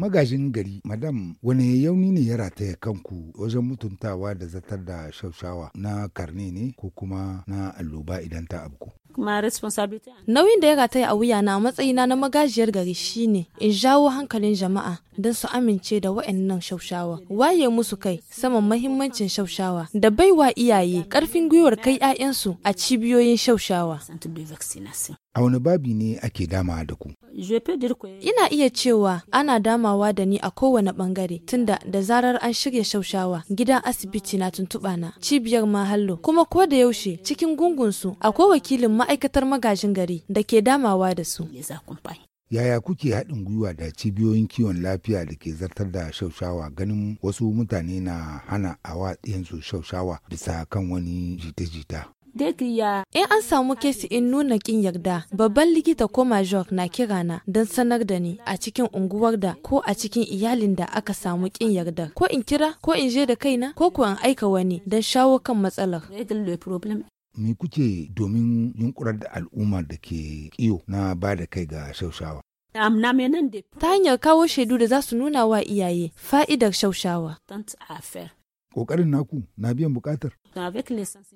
magajin gari madam wani yauni ne ya rataya kanku wajen mutuntawa da zatar da shaushawa na karne ne ko kuma na alloba idan ta abu nauyin da ya rataya a wuya na matsayina na magajiyar gari shine in jawo hankalin jama'a don su amince da wa'annan shaushawa waye musu kai saman mahimmancin shaushawa da baiwa iyaye karfin gwiwar kai 'ya'yansu a cibiyoyin shaushawa a wani babi ne ake dama da ku ina iya cewa ana damawa da ni a kowane bangare tunda da zarar an shirya shaushawa gidan asibiti na tuntuɓa na cibiyar mahallo kuma ko da yaushe cikin gungunsu akwai wakilin ma'aikatar magajin gari da ke damawa da su Yaya kuke haɗin gwiwa da cibiyoyin kiwon lafiya da ke zartar da shaushawa ganin wasu mutane na hana a shaushawa bisa kan wani jita-jita? Degriya, in an samu kesi in nuna kin yarda, babban likita ko major na kira na don sanar da ni a cikin unguwar da ko a cikin iyalin da aka samu kin yarda. Ko in kira, ko in je da kaina, ko ku in aika wani don shawo kan matsalar. me kuke domin yunkurar da al'umma da ke kiyo na ba da kai ga shaushawa? Ta hanyar kawo shaidu da za su nuna wa iyaye fa'idar shaushawa. Ƙoƙarin naku na biyan buƙatar.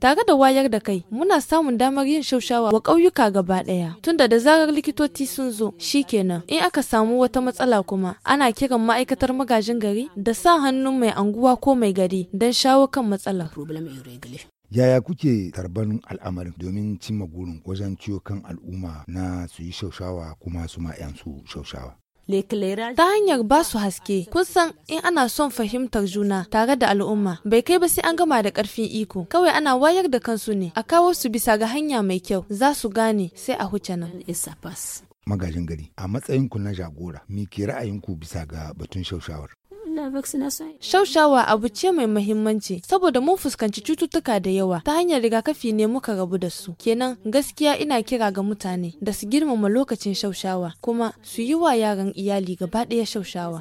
Tare da wayar da kai, muna samun damar yin shaushawa wa ƙauyuka gaba ɗaya. Tunda da zarar likitoci sun zo, shi kenan. In aka samu wata matsala kuma, ana kiran ma'aikatar magajin gari da sa hannun mai anguwa ko mai gari don shawo kan matsalar. Yaya kuke tarban al'amarin domin cimma gurin wajen ciwo kan al'umma na su yi shaushawa kuma su ma 'yan su shaushawa? Ta hanyar ba su haske, kun san in ana son fahimtar juna tare da al'umma, bai kai ba sai an gama da karfin iko, kawai ana wayar da kansu ne, a kawo su bisa ga hanya mai kyau, za su gane sai a huce nan. Magajin gari, a matsayinku na jagora, me ke ra'ayinku bisa ga batun shaushawar? Shaushawa abu ce mai muhimmanci saboda mun fuskanci cututtuka da yawa ta hanyar rigakafi ne muka rabu da su. Kenan gaskiya ina kira ga mutane da su girmama lokacin shaushawa kuma su yi wa yaran iyali gaba ɗaya shaushawa.